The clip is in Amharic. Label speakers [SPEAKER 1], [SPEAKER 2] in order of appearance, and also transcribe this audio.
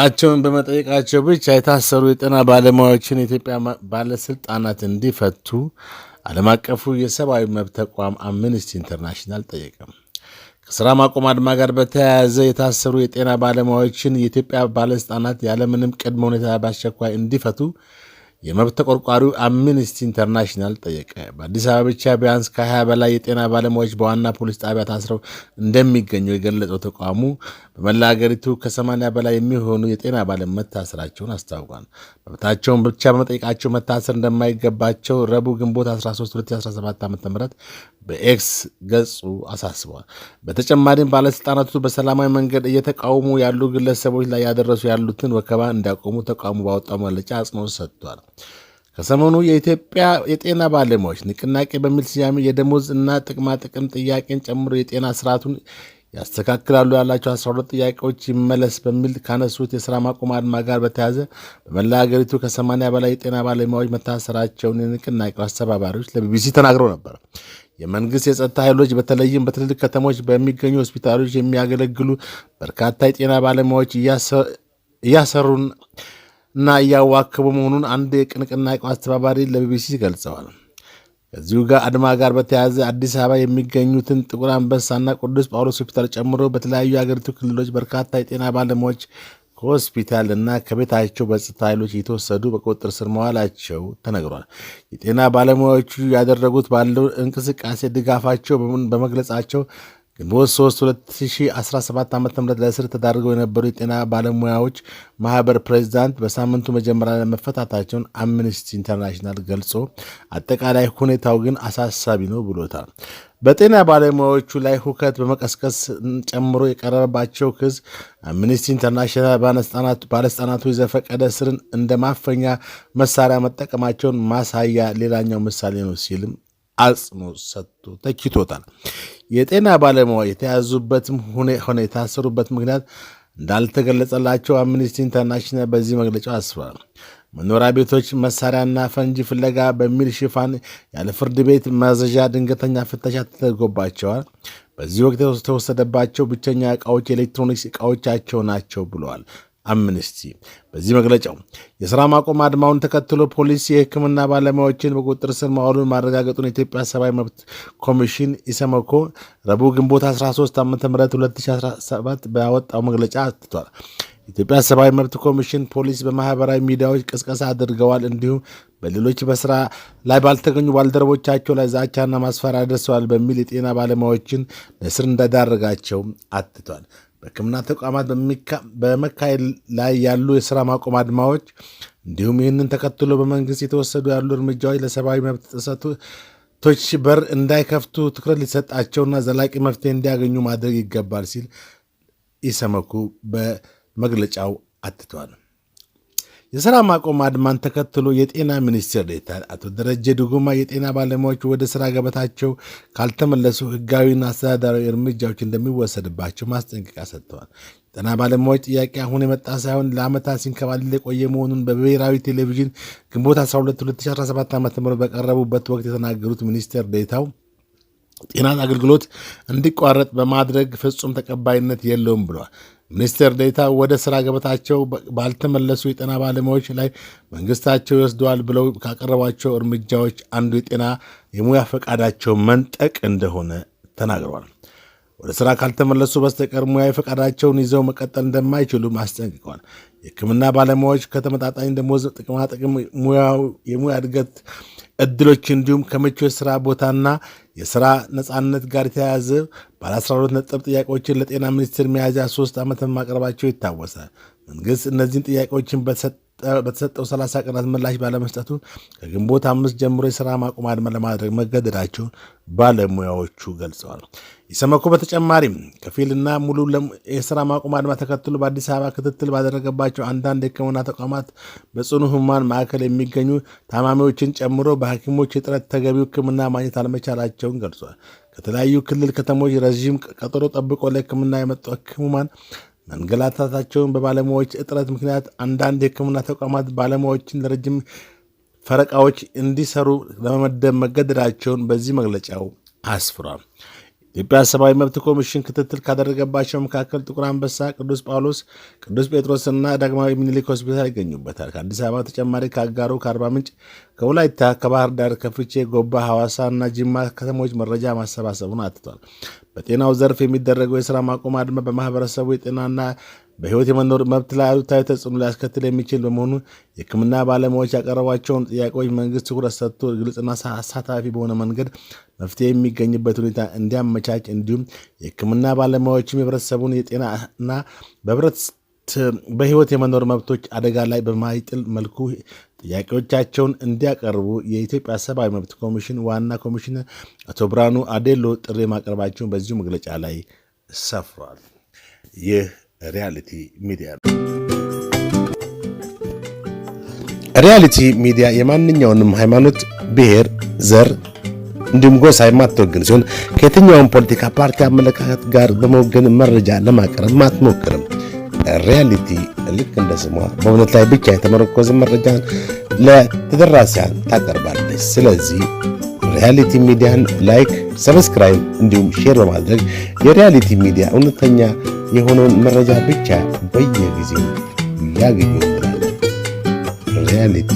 [SPEAKER 1] እሳቸውን በመጠየቃቸው ብቻ የታሰሩ የጤና ባለሙያዎችን የኢትዮጵያ ባለስልጣናት እንዲፈቱ ዓለም አቀፉ የሰብአዊ መብት ተቋም አምነስቲ ኢንተርናሽናል ጠየቀ። ከስራ ማቆም አድማ ጋር በተያያዘ የታሰሩ የጤና ባለሙያዎችን የኢትዮጵያ ባለስልጣናት ያለምንም ቅድመ ሁኔታ በአስቸኳይ እንዲፈቱ የመብት ተቆርቋሪው አምነስቲ ኢንተርናሽናል ጠየቀ። በአዲስ አበባ ብቻ ቢያንስ ከ20 በላይ የጤና ባለሙያዎች በዋና ፖሊስ ጣቢያ ታስረው እንደሚገኙ የገለጸው ተቋሙ በመላ አገሪቱ ከ80 በላይ የሚሆኑ የጤና ባለሙያ መታሰራቸውን አስታውቋል። መብታቸውን ብቻ በመጠየቃቸው መታሰር እንደማይገባቸው ረቡዕ ግንቦት 13 2017 ዓ ም በኤክስ ገጹ አሳስበዋል። በተጨማሪም ባለስልጣናቱ በሰላማዊ መንገድ እየተቃወሙ ያሉ ግለሰቦች ላይ ያደረሱ ያሉትን ወከባ እንዲያቆሙ ተቋሙ ባወጣው መግለጫ አጽንኦት ሰጥቷል። ከሰሞኑ የኢትዮጵያ የጤና ባለሙያዎች ንቅናቄ በሚል ስያሜ የደሞዝ እና ጥቅማጥቅም ጥያቄን ጨምሮ የጤና ስርዓቱን ያስተካክላሉ ያላቸው 12 ጥያቄዎች ይመለስ በሚል ካነሱት የስራ ማቆም አድማ ጋር በተያያዘ በመላ ሀገሪቱ ከ80 በላይ የጤና ባለሙያዎች መታሰራቸውን የንቅናቄው አስተባባሪዎች ለቢቢሲ ተናግረው ነበር። የመንግስት የጸጥታ ኃይሎች በተለይም በትልልቅ ከተሞች በሚገኙ ሆስፒታሎች የሚያገለግሉ በርካታ የጤና ባለሙያዎች እያሰሩን እና እያዋከቡ መሆኑን አንድ የንቅናቄው አስተባባሪ ለቢቢሲ ገልጸዋል። ከዚሁ ጋር አድማ ጋር በተያያዘ አዲስ አበባ የሚገኙትን ጥቁር አንበሳና ቅዱስ ጳውሎስ ሆስፒታል ጨምሮ በተለያዩ የአገሪቱ ክልሎች በርካታ የጤና ባለሙያዎች ከሆስፒታል እና ከቤታቸው በጸጥታ ኃይሎች እየተወሰዱ በቁጥጥር ስር መዋላቸው ተነግሯል። የጤና ባለሙያዎቹ ያደረጉት ባለው እንቅስቃሴ ድጋፋቸው በመግለጻቸው ግንቦት 3 2017 ዓ ም ለእስር ተዳርገው የነበሩ የጤና ባለሙያዎች ማህበር ፕሬዚዳንት በሳምንቱ መጀመሪያ መፈታታቸውን አምነስቲ ኢንተርናሽናል ገልጾ አጠቃላይ ሁኔታው ግን አሳሳቢ ነው ብሎታል። በጤና ባለሙያዎቹ ላይ ሁከት በመቀስቀስ ጨምሮ የቀረበባቸው ክስ አምነስቲ ኢንተርናሽናል ባለስልጣናቱ የዘፈቀደ እስርን እንደ ማፈኛ መሳሪያ መጠቀማቸውን ማሳያ ሌላኛው ምሳሌ ነው ሲልም አጽንኦት ሰጥቶ ተችቶታል። የጤና ባለሙያ የተያዙበትም ሆነ የታሰሩበት ምክንያት እንዳልተገለጸላቸው አምኒስቲ ኢንተርናሽናል በዚህ መግለጫው አስፍሯል። መኖሪያ ቤቶች መሳሪያና ፈንጂ ፍለጋ በሚል ሽፋን ያለ ፍርድ ቤት ማዘዣ ድንገተኛ ፍተሻ ተደርጎባቸዋል። በዚህ ወቅት የተወሰደባቸው ብቸኛ እቃዎች የኤሌክትሮኒክስ እቃዎቻቸው ናቸው ብለዋል። አምነስቲ በዚህ መግለጫው የሥራ ማቆም አድማውን ተከትሎ ፖሊስ የሕክምና ባለሙያዎችን በቁጥጥር ስር ማዋሉን ማረጋገጡን የኢትዮጵያ ሰብአዊ መብት ኮሚሽን ኢሰመኮ ረቡዕ ግንቦት 13 ዓ ም 2017 ባወጣው መግለጫ አትቷል። የኢትዮጵያ ሰብአዊ መብት ኮሚሽን ፖሊስ በማህበራዊ ሚዲያዎች ቅስቀሳ አድርገዋል፣ እንዲሁም በሌሎች በስራ ላይ ባልተገኙ ባልደረቦቻቸው ላይ ዛቻና ማስፈራሪያ ደርሰዋል በሚል የጤና ባለሙያዎችን ለእስር እንዳዳረጋቸው አትቷል። በሕክምና ተቋማት በመካሄድ ላይ ያሉ የሥራ ማቆም አድማዎች እንዲሁም ይህንን ተከትሎ በመንግሥት የተወሰዱ ያሉ እርምጃዎች ለሰብአዊ መብት ጥሰቶች በር እንዳይከፍቱ ትኩረት ሊሰጣቸውና ዘላቂ መፍትሄ እንዲያገኙ ማድረግ ይገባል ሲል ኢሰመኮ በመግለጫው አትቷል። የሥራ ማቆም አድማን ተከትሎ የጤና ሚኒስትር ዴታ አቶ ደረጀ ድጉማ የጤና ባለሙያዎች ወደ ሥራ ገበታቸው ካልተመለሱ ሕጋዊና አስተዳደራዊ እርምጃዎች እንደሚወሰድባቸው ማስጠንቀቂያ ሰጥተዋል። የጤና ባለሙያዎች ጥያቄ አሁን የመጣ ሳይሆን ለዓመታት ሲንከባለል የቆየ መሆኑን በብሔራዊ ቴሌቪዥን ግንቦት 12 2017 ዓ ም በቀረቡበት ወቅት የተናገሩት ሚኒስትር ዴታው ጤና አገልግሎት እንዲቋረጥ በማድረግ ፍጹም ተቀባይነት የለውም ብለዋል። ሚኒስቴር ዴታ ወደ ስራ ገበታቸው ባልተመለሱ የጤና ባለሙያዎች ላይ መንግስታቸው ይወስደዋል ብለው ካቀረቧቸው እርምጃዎች አንዱ የጤና የሙያ ፈቃዳቸው መንጠቅ እንደሆነ ተናግረዋል። ወደ ስራ ካልተመለሱ በስተቀር ሙያዊ ፈቃዳቸውን ይዘው መቀጠል እንደማይችሉም አስጠንቅቀዋል። የሕክምና ባለሙያዎች ከተመጣጣኝ ደሞዝ፣ ጥቅማጥቅም፣ የሙያ እድገት እድሎች እንዲሁም ከምቹ የስራ ቦታና የስራ ነፃነት ጋር የተያያዘ ባለ 12 ነጥብ ጥያቄዎችን ለጤና ሚኒስቴር ሚያዝያ 3 ዓመት ማቅረባቸው ይታወሳል። መንግስት እነዚህን ጥያቄዎችን በተሰጠው 30 ቀናት ምላሽ ባለመስጠቱ ከግንቦት አምስት ጀምሮ የሥራ ማቆም አድማ ለማድረግ መገደዳቸውን ባለሙያዎቹ ገልጸዋል። ኢሰመኮ በተጨማሪም ከፊልና ሙሉ የሥራ ማቆም አድማ ተከትሎ በአዲስ አበባ ክትትል ባደረገባቸው አንዳንድ የሕክምና ተቋማት በጽኑ ህሙማን ማዕከል የሚገኙ ታማሚዎችን ጨምሮ በሐኪሞች እጥረት ተገቢው ሕክምና ማግኘት አለመቻላቸውን ገልጿል። ከተለያዩ ክልል ከተሞች ረዥም ቀጠሮ ጠብቆ ለሕክምና የመጡ ሕሙማን መንገላታታቸውን በባለሙያዎች እጥረት ምክንያት አንዳንድ የሕክምና ተቋማት ባለሙያዎችን ለረጅም ፈረቃዎች እንዲሰሩ ለመመደብ መገደዳቸውን በዚህ መግለጫው አስፍሯል። ኢትዮጵያ ሰብአዊ መብት ኮሚሽን ክትትል ካደረገባቸው መካከል ጥቁር አንበሳ፣ ቅዱስ ጳውሎስ፣ ቅዱስ ጴጥሮስና ዳግማዊ ምኒልክ ሆስፒታል ይገኙበታል። ከአዲስ አበባ ተጨማሪ ከአጋሩ፣ ከአርባ ምንጭ፣ ከወላይታ፣ ከባህር ዳር፣ ከፍቼ፣ ጎባ፣ ሐዋሳ እና ጅማ ከተሞች መረጃ ማሰባሰቡን አትቷል። በጤናው ዘርፍ የሚደረገው የሥራ ማቆም አድማ በማህበረሰቡ የጤናና በህይወት የመኖር መብት ላይ አሉታዊ ተጽዕኖ ሊያስከትል የሚችል በመሆኑ የህክምና ባለሙያዎች ያቀረቧቸውን ጥያቄዎች መንግስት ትኩረት ሰጥቶ ግልጽና አሳታፊ በሆነ መንገድ መፍትሄ የሚገኝበት ሁኔታ እንዲያመቻች እንዲሁም የህክምና ባለሙያዎችም የህብረተሰቡን የጤናና በህብረት በሕይወት የመኖር መብቶች አደጋ ላይ በማይጥል መልኩ ጥያቄዎቻቸውን እንዲያቀርቡ የኢትዮጵያ ሰብአዊ መብት ኮሚሽን ዋና ኮሚሽነር አቶ ብርሃኑ አዴሎ ጥሪ ማቅረባቸውን በዚሁ መግለጫ ላይ ሰፍሯል።
[SPEAKER 2] ይህ ሪያልቲ ሚዲያ ነው። ሪያሊቲ ሚዲያ የማንኛውንም ሃይማኖት፣ ብሔር፣ ዘር እንዲሁም ጎሳ የማትወግን ሲሆን ከየትኛውም ፖለቲካ ፓርቲ አመለካከት ጋር በመወገን መረጃ ለማቅረብ አትሞክርም። ሪያሊቲ ልክ እንደ ስሟ በእውነት ላይ ብቻ የተመረኮዘ መረጃን ለተደራሲያን ታቀርባለች። ስለዚህ ሪያሊቲ ሚዲያን ላይክ፣ ሰብስክራይብ እንዲሁም ሼር በማድረግ የሪያሊቲ ሚዲያ እውነተኛ የሆነውን መረጃ ብቻ በየጊዜው ያገኙ። ሪያሊቲ